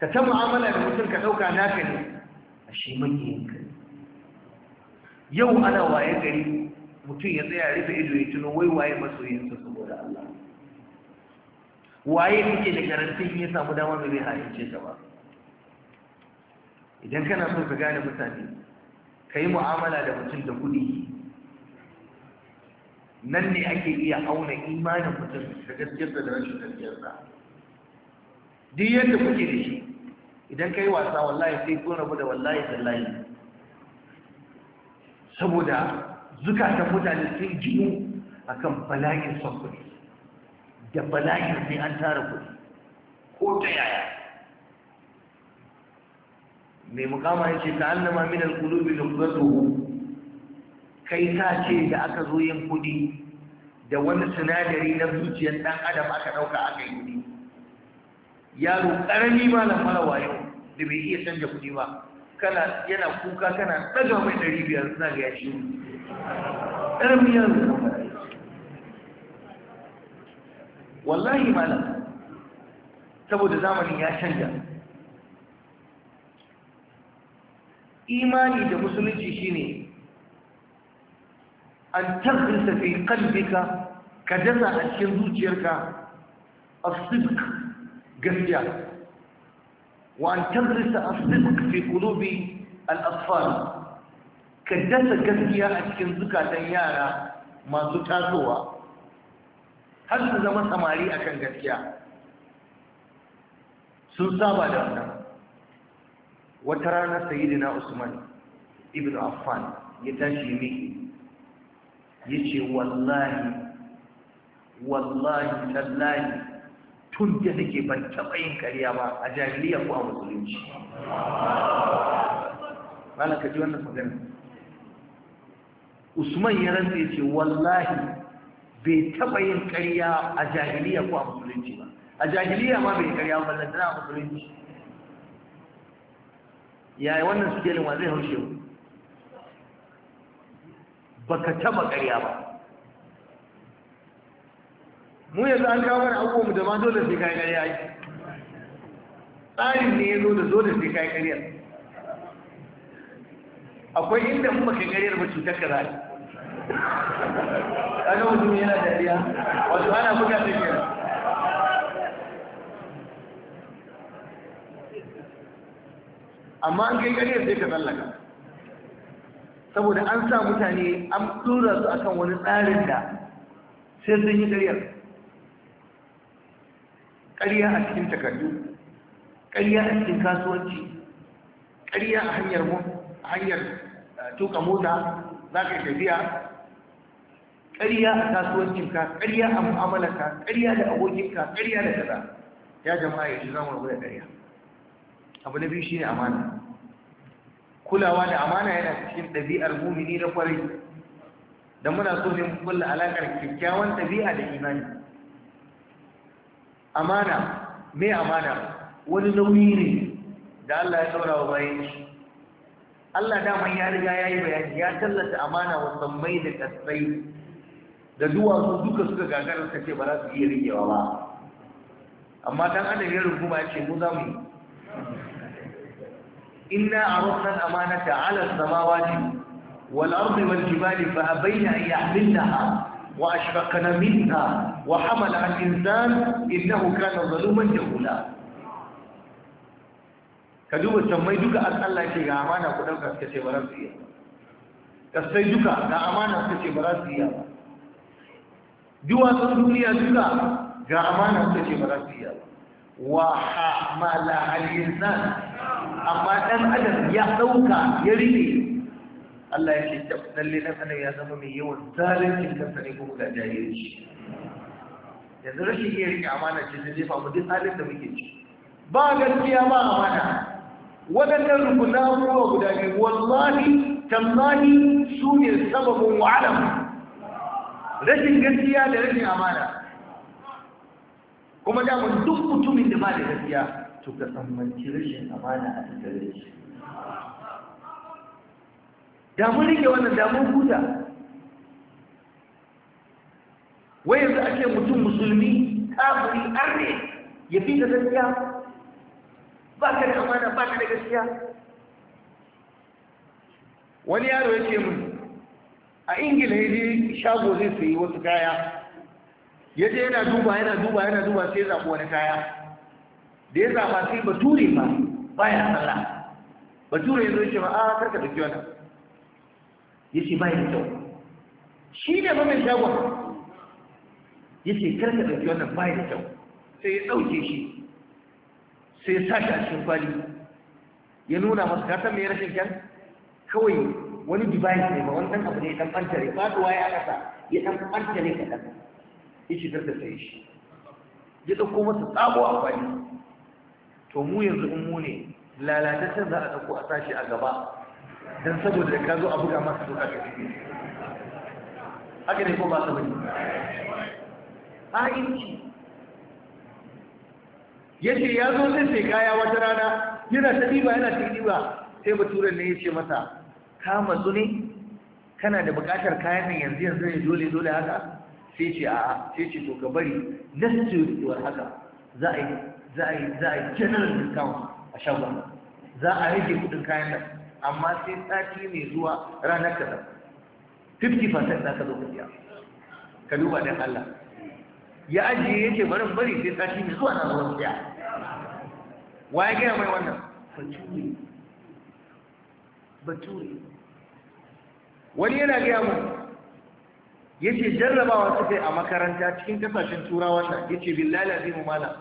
ka ta mu'amala da mutum ka ɗauka naka ne a shi makiyinka yau ana waye gari mutum ya tsaya rufe ido ya tuno wai waye masoyinsa saboda Allah waye kake da garantin ya samu dama bai halince ka ba idan kana so ka gane mutane ka yi mu'amala da mutum da kuɗi nan ne ake iya auna imanin mutum da gaskiyarsa da rashin gaskiyarsa duk yadda kuke da shi idan ka yi wasa wallahi sai kun rabu da wallahi layi. saboda zukatan mutane sun jimu akan bala'in son kuɗi da bala'in sai an tara kuɗi ko ta yaya mai mukama ya ce ta nama min alƙulubi tuhu kai ka ce da aka zo yin kuɗi da wani sinadari na zuciyar ɗan adam aka ɗauka aka yi kuɗi yaro ƙarami malam mara wayo da bai iya canja kuɗi ba kana yana kuka kana ɗaga mai ɗari biyar suna ga yashi ƙarami yaro wallahi malam saboda zamanin ya canja imani da musulunci shine an tabbata fi qalbika ka daza a cikin zuciyarka as-sidq gaskiya wa an tabbata as-sidq fi qulubi al ka dasa gaskiya a cikin zukatan yara masu tasowa har su zama samari kan gaskiya sun saba da wannan wata rana na usman ibn affan ya tashi miki ce wallahi wallahi tallahi tun da nake ban taɓa yin kariya ba a jahiliya ko a musulunci ba na kaji wannan magana usman ya rantsa ce wallahi bai taɓa yin karya a jahiliya ko a musulunci ba a jahiliya ma bai karya ba ballan a musulunci ya yi wannan sikelin wa zai haushe mu ba ka taɓa karya ba mu yanzu an kawo mana abubuwan mu da ma dole sai kayi karya yi, tsarin ne ya zo da zo da sai kayan karya akwai inda mu baka karyar ba cutar ka za kaga mutum yana dariya wato ana buga ta ke amma an kai kariyar sai ka tsallaka saboda an sa mutane an tura su akan wani tsarin da sai sun yi kariyar Ƙarya a cikin takardu ƙarya a cikin kasuwanci ƙarya a hanyar eh, tuka mota za ka tafiya ƙariya a kasuwancinka ƙariya a mu'amalarka ƙariya da abokinka ƙariya da kaza ya jama'a ya ci za mu rabu da ƙariya abu na biyu shi ne amana kulawa da amana yana cikin ɗabi'ar mumini na kwarai da muna so ne mu kulla alaƙar kyakkyawan ɗabi'a da imani amana me amana wani nauyi ne da Allah ya saurawa bayan shi Allah daman ya riga ya yi bayani ya tallata amana wa sammai da kasai da duwatsu duka suka gagara ce ba za su iya rigewa ba amma dan adam ya runguma ya ce mu za mu yi inna aradna al-amanata 'ala as-samawati wal-ardi wal-jibali fa abayna an yahmilnaha وأشفقنا منها وحمل عن الإنسان إنه كان da hula. ka duba sammai duka an Allah ce ga amana ku ɗauka suka ce bara su yi ka sai duka ga amana suka ce bara za su iya ba sun duniya duka ga amana suka ce bara su iya ba wa hamala al-insan amma dan adam ya dauka ya rike Allah ya ce lalle na sanin ya zama mai yawan zalunci da ne ko da jahilci yanzu rashin iya rike amana ce ta jefa mu duk halin da muke ci ba gaskiya ba amana waɗannan rukuna ruwa guda biyu wallahi tallahi su ne sababin wa'alam rashin gaskiya da rashin amana kuma da damar duk mutumin da ba da gaskiya to ka tsammanci rashin amana a cikin rashi damun rike wannan damun huta wai yanzu ake mutum musulmi kafiri arne ya fi da gaskiya ba ka da amana ba ka da gaskiya wani yaro ya ce mun a ingila ya je shago zai sayi wasu kaya ya je yana duba yana duba yana duba sai ya zaɓi wani kaya da ya zaɓa sai ture ba baya sallah ture ya zo ya ce ba a karka da wannan ya ce ba ya kyau shi ne ba mai shagon ya ce karka da wannan ba ya kyau sai ya ɗauke shi sai ya sashi a cikin kwali ya nuna masa ka san me rashin kyan kawai wani dubai ne ba wani dan abu ne dan bantare faduwa ya kasa ya dan bantare ka kasa ya shigar da sai shi ya dauko masa tsabo a kwali to mu yanzu in mu ne lalataccen za a dauko a sashi a gaba dan saboda ka zo a buga masa doka ka haka ne ko ba ta bane ha'inci ya ce ya zo zai sai kaya wata rana yana ta diba yana ta diba sai baturen ne ya ce masa ka matsu ne kana da bukatar kayan nan yanzu yanzu ne dole dole haka sai ce a'a sai ce to ka bari su week haka za a yi za a yi za a yi general discount a shagon za a rage kuɗin kayan nan amma sai sati ne zuwa ranar kaza 50% za ka zo ka biya ka duba dan Allah ya ajiye ya ce bari bari sai sati mai zuwa na ruwan tsaya wa ya gaya mai wannan bature bature wani yana gaya mu ce jarrabawa suka yi a makaranta cikin kasashen turawa nan yace billahi azimu mana.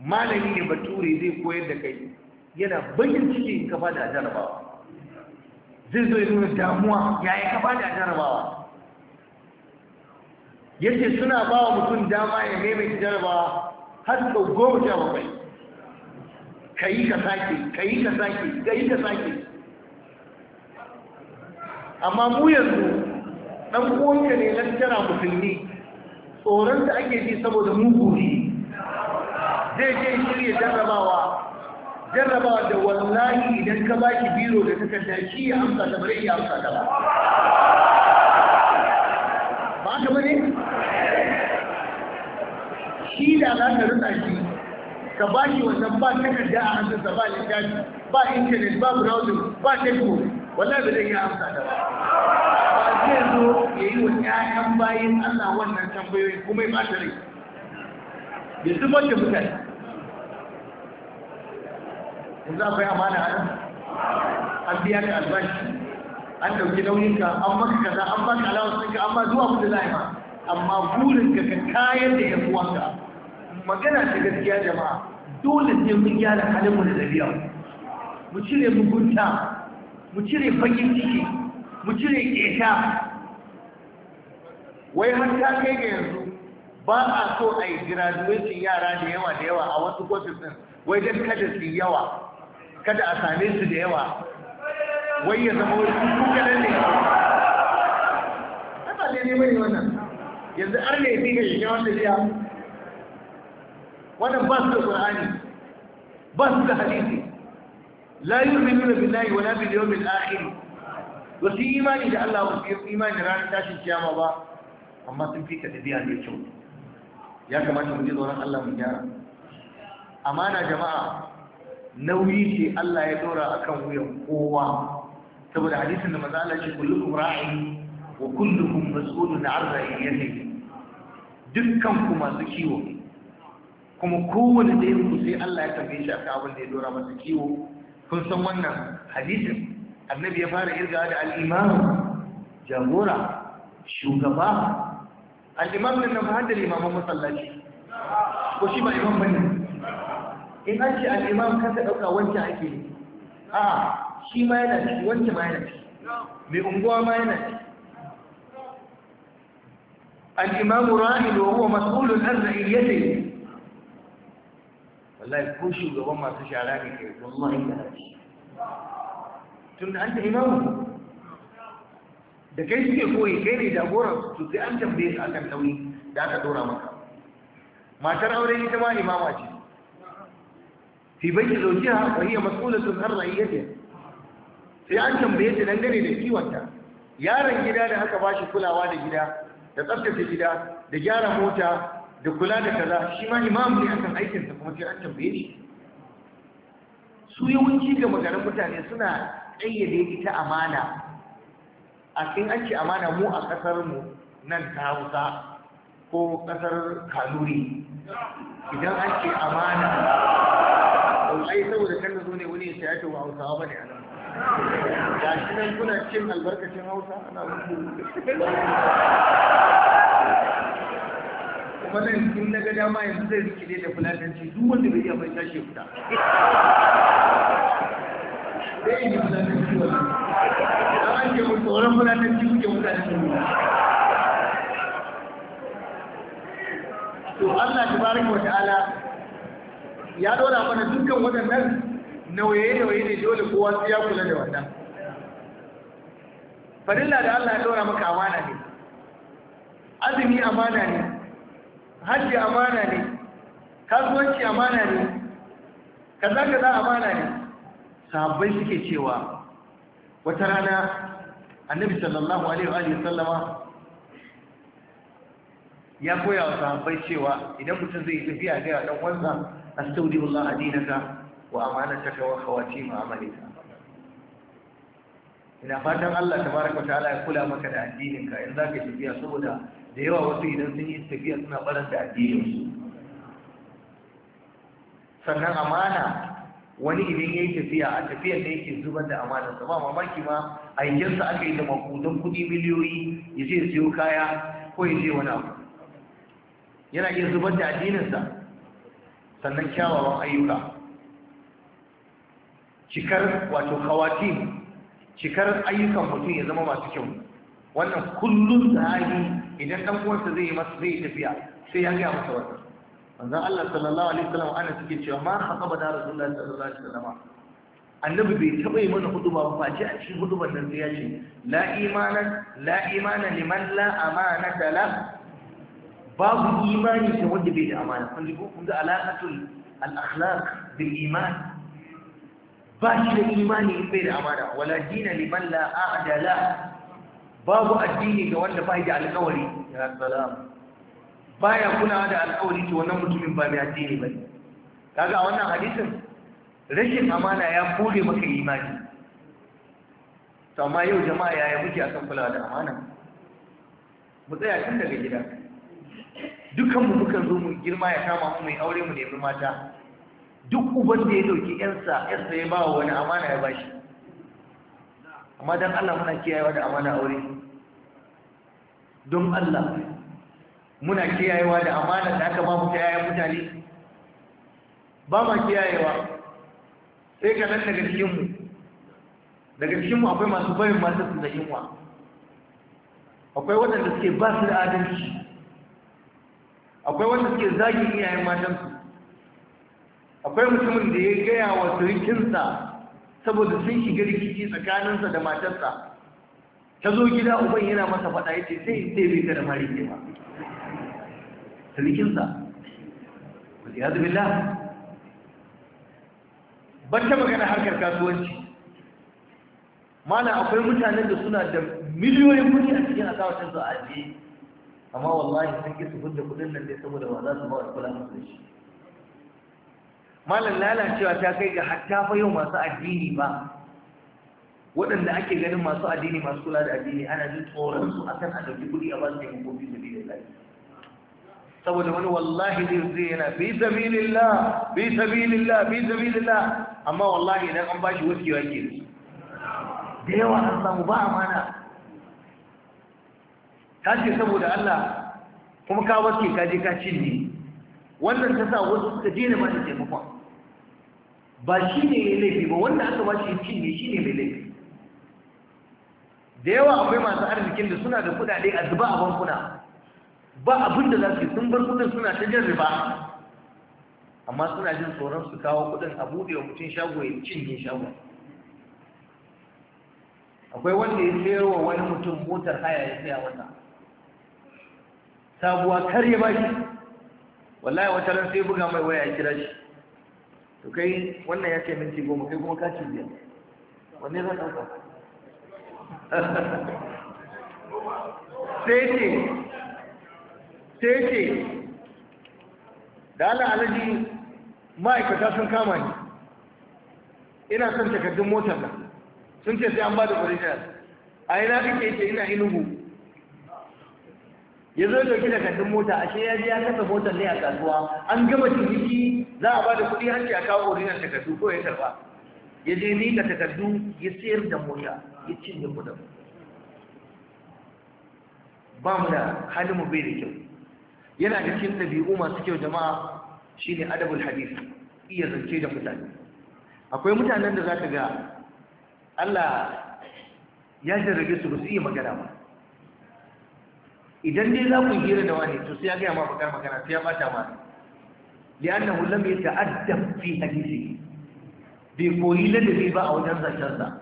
malami ne bature zai koyar da kai yana bakin ciki kafa da jarrabawa zai zo ya nuna damuwa yayin kafa da jarrabawa yace suna ba wa mutum dama ya maimaita jarabawa har sau goma sha bakwai ka yi ka sake ka yi ka sake ka yi ka sake amma mu yanzu ɗan uwanka ne jara musulmi tsoron da ake ji saboda mugu ne zai je shirya jarrabawa jarrabawa da wallahi idan ka baki biro da takarda shi ya amsa da bare ya amsa da ba ba ka bane shi da za ka rutsa shi ka ba shi wannan ba takarda a hannunsa ba littafi ba intanet ba browsing ba textbook wallahi ba zai iya amsa da ba ba zai zo ya yi wa ƴaƴan bayan Allah wannan tambayoyi kuma ya ɓata rai ya zubar da mutane ku yi amana a nan an biya ka albashi an ɗauki nauyinka an maka kaza an baka alawasinka an ba zuwa kudu la'ima amma burinka ka kayan da yan wanka. magana ta gaskiya jama'a dole ne mun gyara halinmu da dabi'a mu cire mugunta mu cire fakin ciki mu cire keta wai har ta kai ga yanzu ba a so a yi graduation yara da yawa da yawa a wasu courses ɗin. wai dan kada su yawa kada a same su da yawa wai ya zama wani kuka nan ne haka ne ne mai wannan yanzu an ne fi ga shiga wanda biya wannan ba su da qur'ani ba su da hadisi la yu'minuna billahi wala bil yawmil akhir ba su imani da Allah ba su imani da ranar tashin kiyama ba amma sun fi tafiya mai kyau ya kamata mu ji tsoron Allah mu gyara amana jama'a nauyi ce Allah ya dora akan wuyan kowa saboda hadisin da manzo ce kullukum ra'in wa kullukum mas'ulun 'an ra'iyatihi dukkan ku masu kiwo ne kuma kowane da ku sai Allah ya tambaye shi akan abin da ya dora masa kiwo kun san wannan hadisin annabi ya fara irga da al-imam jagora shugaba al-imam din nan hadda limaman masallaci ko shi ba imam bane in an ce al-imam kan ka dauka wancan ake a shi ma yana ci wancan ma yana ci mai unguwa ma yana ci al-imam ra'il wa huwa mas'ulun an ra'iyatihi wallahi ko shugaban masu shara ne kai wallahi da haji tun an ta imamu da kai suke koyi kai ne jagoran su sai an tambaye su akan nauyi da aka dora maka matar aure ita ma imama ce fi bayyana zaujiya wa hiya mas'ulatu an ra'iyatiha sai an tambaye ta dangane da kiwanta yaron gida da aka bashi kulawa da gida da tsaftace gida da gyara mota da kula da kaza shi ma imam ne akan aikinsa kuma sai an tambaye shi su yawanci ga magarin mutane suna ƙayyade ita amana a cikin an ce amana mu a ƙasar mu nan ta Hausa ko ƙasar Kanuri idan an ce amana ai saboda kan zo ne wani ya ce ya ce wa Hausawa bane a nan ga shi nan kuna cin albarkacin Hausa ana muku kuma nan in na ga dama yanzu zai rikide da fulatanci duk wanda bai iya bai tashi fita zai yi fulatanci wannan an ake mu tsoron fulatanci kuke mutane su to Allah tabaraka wa ta'ala ya dora mana dukkan waɗannan da waye ne dole kowa ya kula da wannan farilla da Allah ya dora maka amana ne azumi amana ne hajji amana ne kasuwanci amana ne kaza kaza amana ne sahabbai suke cewa wata rana annabi sallallahu alaihi wa sallama ya koya wa sahabbai cewa idan mutum zai tafiya ga dan wansa astaudillah adinaka wa amanataka wa khawatim ta ina fatan Allah tabaraka ta'ala ya kula maka da addininka in zaka tafiya saboda da yawa wasu idan sun yi tafiya suna barin da addininsu sannan amana wani idan ya yi tafiya a tafiyar da yake zubar da zama, ba mamaki ma aikinsa aka yi da makudan kudi miliyoyi ya ce siyo kaya ko ya ce wani abu yana iya zubar da addininsa sannan kyawawan ayyuka cikar wato kawati cikar ayyukan mutum ya zama masu kyau wannan kullum da hali idan dan uwansa zai yi masa zai tafiya sai ya ga masa wannan manzon Allah sallallahu alaihi wasallam ana suke cewa ma hasaba da rasulullahi sallallahu alaihi wasallam annabi bai taba yi mana huduba ba ce a cikin hudubar nan sai ya ce la imanan la imana liman la amanata la babu imani ga wanda bai da amana kun ji kun ga alaqatul al-akhlaq bil iman ba shi da imani in bai da amana wala dina liman la a'dala babu addini ga wanda ba da alƙawari ya salam baya kulawa da alƙawari to wannan mutumin ba mai addini bane kaga a wannan hadisin rashin amana ya kore maka imani to amma yau jama'a yaya muke akan kula da amana mu tsaya tun daga gida dukan mu mukan zo mu girma ya kama mu mai aure mu nemi mata duk uban da ya dauki yansa yansa ya ba wa wani amana ya bashi amma don Allah muna kiyayewa da amana aure don Allah muna kiyayewa da amana da aka ba ta yayan mutane ba ma kiyayewa sai ka nan daga cikinmu daga cikinmu akwai masu barin masu su da yunwa akwai waɗanda suke ba su da adalci akwai wanda suke zagin iyayen matansu akwai mutumin da ya gaya wa surukinsa saboda sun shiga rikici tsakaninsa da matarsa ta zo gida uban yana masa faɗa ya ce sai in ɗebe bai da mari ke ba sarkinsa wasu ya zubi la ban taɓa harkar kasuwanci mana akwai mutanen da suna da miliyoyin kuɗi a cikin akawatinsu a ajiye amma wallahi sun ƙi su fudda kuɗin nan ne saboda ba za su ba wa kula masu da shi malam lalacewa ta kai ga hatta fa yau masu addini ba waɗanda ake ganin masu addini masu kula da addini ana jin tsoron su akan a dauki kuɗi a ba su taimako fi sabilillah saboda wani wallahi zai zai yana bi sabilillah bi sabilillah bi sabilillah amma wallahi idan an bashi waskewa ke da yawa an samu ba amana Ta ce saboda Allah kuma ka waske ka je ka cinye wannan ta sa wasu suka daina ba da taimakon ba shi ne mai laifi ba wanda aka ba shi cinye shi ne mai laifi da yawa akwai masu arzikin da suna da kudade a zuba a bankuna ba abin da za su yi sun bar kudin suna ta jin riba amma suna jin tsoron su kawo kudin a buɗe wa mutum shago ya ne shago akwai wanda ya sayar wa wani mutum motar haya ya saya wata sabuwa kar ya bashi wallahi wata ran sai buga mai waya kira shi to kai wannan ya ce minti goma kai kuma kaci biyar wanne zan ɗauka sai ce sai ce da ala alaji ma'aikata sun kama ni ina son takardun motar nan sun ce sai an ba da original a ina kake ce ina inugu ya zo dauki da kandun mota ashe ya je ya kasa motar ne a kasuwa an gama ciniki za a ba da kuɗi hanci a kawo orinan takardu ko ya karba ya je ni ga takardu ya sayar da mota ya cinye kuɗin ba mu da halin mu bai da kyau yana da cikin ɗabi'u masu kyau jama'a shine adabul hadis iya zance da mutane akwai mutanen da za ka ga Allah ya jarrabe su ba su iya magana ba idan dai za ku hira da wani to sai ya gaya ma bakar magana sai ya bata ma li'annahu lam yata'addab fi hadisi bai koyi ladabi ba a wajen sa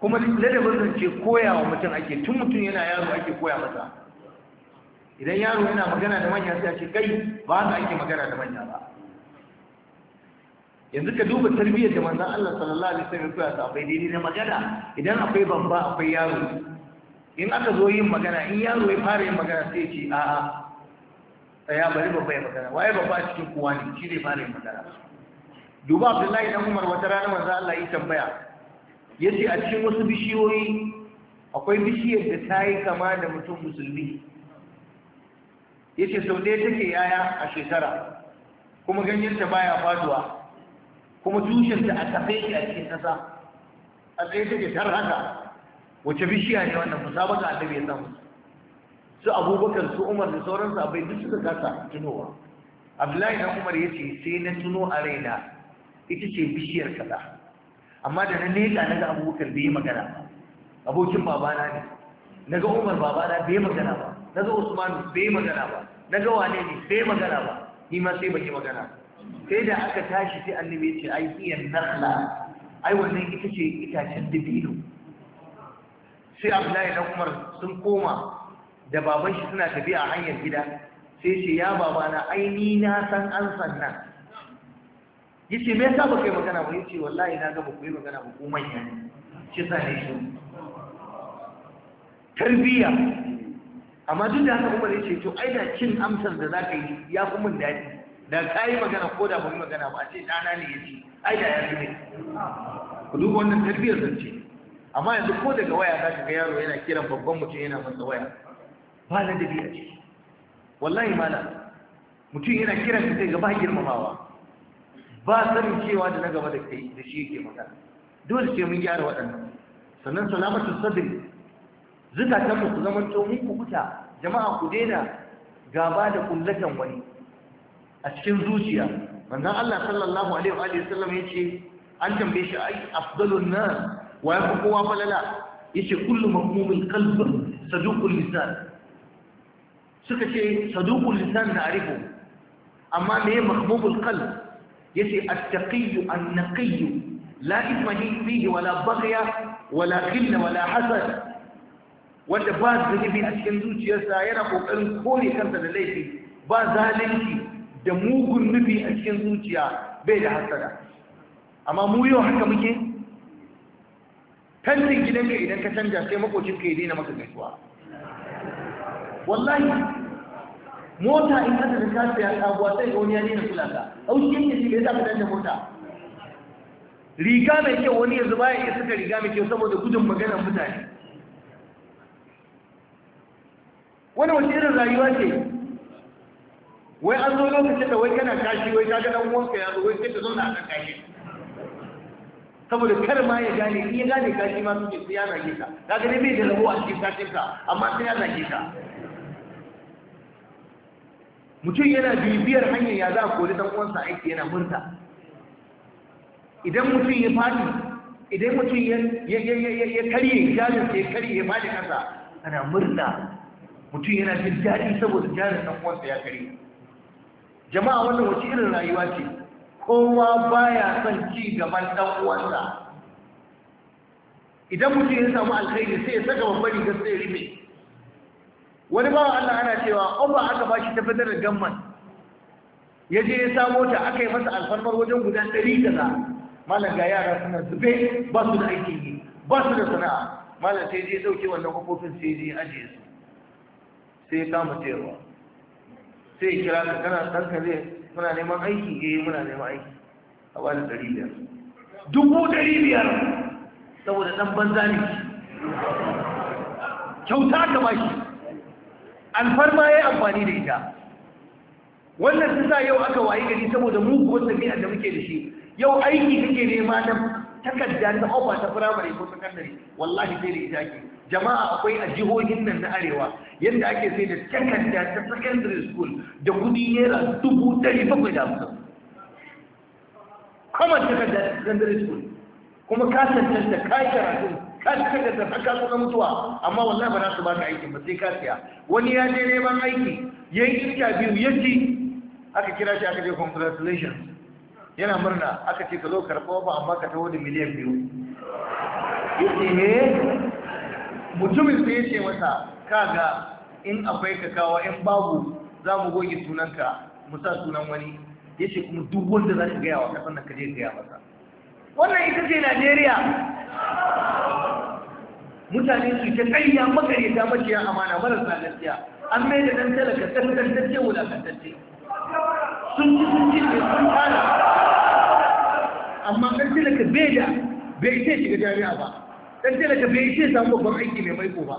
kuma ladabin zance koya wa mutum ake tun mutum yana yaro ake koya masa idan yaro yana magana da manya sai a ce kai ba haka ake magana da manya ba yanzu ka duba tarbiyyar da manzon Allah sallallahu alaihi wasallam ya koya ta bai daidai na magana idan akwai bamba akwai yaro in aka zo yin magana in yaro ya fara yin magana sai ce a'a tsaya bari babba ya magana waye babba cikin kowa ne shi zai fara yin magana duba abdullahi dan umar wata rana manzo Allah ya tambaya yace a cikin wasu bishiyoyi akwai bishiyar da ta yi kama da mutum musulmi yace sau ɗaya take yaya a shekara kuma ganyenta baya faduwa kuma ta a tafe shi a cikin ƙasa a tsaye take tar haka wace bishiya ne wannan musabaka annabi ya samu su abubakar su umar da sauran sahabbai duk suka kasa tunowa abdullahi na umar ya ce sai na tuno a raina ita ce bishiyar kaza amma da na nesa na ga abubakar bai yi magana ba abokin babana ne na ga umar babana bai yi magana ba na ga Usmanu bai yi magana ba na ga wane ne bai yi magana ba ni ma sai ban yi magana sai da aka tashi sai annabi ya ce ai iya nakhla ai wannan ita ce itacen dabino sai abdullahi dan umar sun koma da baban shi suna tafiya a hanyar gida sai ce ya baba na aini na san an sanna yace me yasa baka yi magana ba yace wallahi na ga baku yi magana ba ku manya ne shi sa ne shi tarbiya amma duk da haka umar yace to ai da cin amsar da zaka yi ya fi mun daji, da ka yi magana ko da ba yi magana ba a ce ɗana ne yace ai da ya fi ne ku duba wannan tarbiyar zance amma yanzu ko daga waya za ka ga yaro yana kiran babban mutum yana masa waya ba na dabi a ciki wallahi mana mutum yana kiran ka sai ga ba girmamawa ba sanin cewa da na gaba da kai da shi yake magana dole sai mun gyara waɗannan sannan salamatu sadri zukatan mu ku to mun ku huta jama'a ku daina gaba da kullatan wani a cikin zuciya manzon Allah sallallahu alaihi wa alihi sallam yace an tambaye shi ai afdalun nas wa ya fi kowa falala ce kullu mahmumul qalb saduƙun lisan suka ce saduƙun lisan na arifu amma me mahmumul ya yace a taqiyyu an-naqiyyu la ithma fihi wala baghya wala khilla wala hasad wanda ba zunubi a cikin zuciyarsa yana ƙoƙarin kore kansa da laifi ba zalunci da mugun nufi a cikin zuciya bai da hasada amma mu yau haka muke fentin gidanka idan ka canja sai makocinka ya daina maka gaisuwa wallahi mota in ka da ka saya sabuwa sai wani ya daina kula ka auki yake shi bai ka canja mota riga mai kyau wani yanzu baya iya saka riga mai kyau saboda gudun maganar mutane wani wace irin rayuwa ce wai an zo lokacin da wai kana kashi wai ka ga dan uwanka ya zo wai sai ka zo na kan kashi saboda kar ma ya gane in ya gane ka shi ma suke su yana zage ka gani bai da rabo a cikin kashin ka amma sai ya zage mutum yana bibiyar hanyar ya za a kori dan uwansa aiki yana murta idan mutum ya fadi idan mutum ya karye jarin sai ya karye ya fadi kasa ana murna mutum yana jin daɗi saboda jarin dan uwansa ya karye jama'a wannan wace irin rayuwa ce kowa baya son ci gaban ɗan uwansa idan mutum ya samu alkhairi sai ya saka babbar rigar sai rufe wani bawa Allah ana cewa ba aka ba shi ta da gamman ya je ya samo ta aka yi masa alfarmar wajen guda ɗari da malam ga yara suna zube ba su da aikin yi ba su da sana'a malam sai je ɗauke wannan kofofin sai je ajiye su sai ya kama cewa sai kira ka kana ɗanka muna neman aiki eh muna neman aiki a bani ɗari biyar dubu ɗari biyar saboda ɗan banza ne kyauta ka ba shi alfarma ya yi amfani da ita wannan sun sa yau aka wayi gari saboda muguwar tafiya da muke da shi yau aiki kake nema na takarda ta ofa ta firamare ko sakandare wallahi sai da ita ke jama'a akwai a jihohin nan na arewa yadda ake sai da takarda ta secondary school da kudi naira dubu ɗari bakwai da hamsin kuma takarda ta secondary school kuma ka tantance ka karatu ka takarda ta kasu na mutuwa amma wallahi ba na su ka aiki ba sai ka siya wani ya je neman aiki ya yi biyu ya ci aka kira shi aka je congratulations yana murna aka ce ka zo karɓo ba amma ka taho da miliyan biyu yake ne mutumin su ya ce masa kaga in akwai kakawa in babu za mu goge sunanka mu sa sunan wani ya ce kuma duk wanda za ka gaya wa kasan da ka je gaya masa wannan ita ce najeriya mutane su ta ƙayya makarita makiya amana marasa gaskiya an mai da ɗan talaka tantance wulakantacce sun ci sun ci ne sun tara amma kan tilaka bai da bai ce shiga jami'a ba dan talaka bai ce samu babban aiki mai maiko ba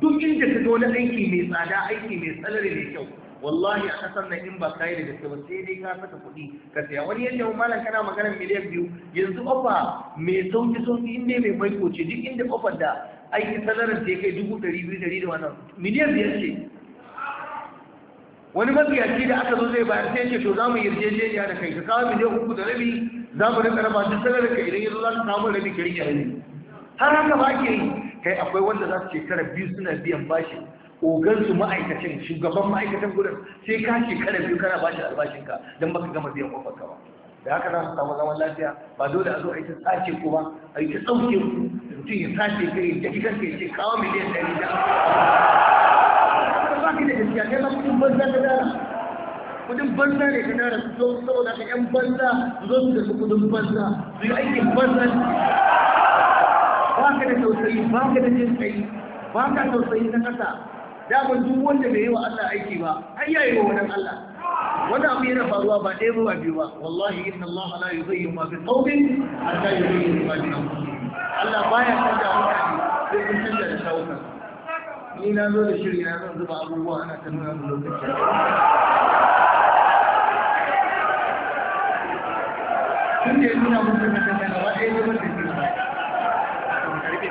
duk inda ka zo na aiki mai tsada aiki mai tsalari mai kyau wallahi a kasar nan in ba ka yi da gaske ba sai dai ka saka kuɗi ka saya wani yadda mu malam kana maganar miliyan biyu yanzu ofa mai sauki sauki in ne mai maiko ce duk inda ofar da aiki salarin sai kai dubu ɗari biyu ɗari da wannan miliyan biyar ce wani matsiyaci da aka zo zai bayar sai ce to za mu yarjejeniya da kai ka kawo miliyan uku da rabi za mu rika raba duk salarin ka idan yanzu za ka samu rabi ka rike rabi har haka ba ke yi kai akwai wanda za su shekara biyu suna biyan bashi ogansu ma'aikacin shugaban ma'aikatan gudun sai ka shekara biyu kana bashi albashinka don baka gama biyan kwafarka ba da haka za su samu zaman lafiya ba dole a zo a yi ta sace ko ba a yi ta tsauke mutum ya sace kai ya ji kanka ya ce kawo miliyan ɗari da ba ki da gaskiya kai ba kudin banza ka dara kudin banza ne ka dara su zo saboda ka yan banza su zo su da kudin banza su yi aikin banza ba ka da tausayi ba ka da jin tsayi ba ka tausayi na kasa ban duk wanda bai yi wa Allah aiki ba ai ya wa wani Allah wani abu yana faruwa ba ɗaya ba biyu ba wallahi inna Allah la yuzayyi ma bi qaumin hatta yuzayyi ma bi anfusihim Allah baya canza mutane sai kun canza da shawukan ni na zo da shirya na zan zuba abubuwa ana ta nuna mu lokaci tun da ya nuna mutum na kasa gaba ɗaya zubar da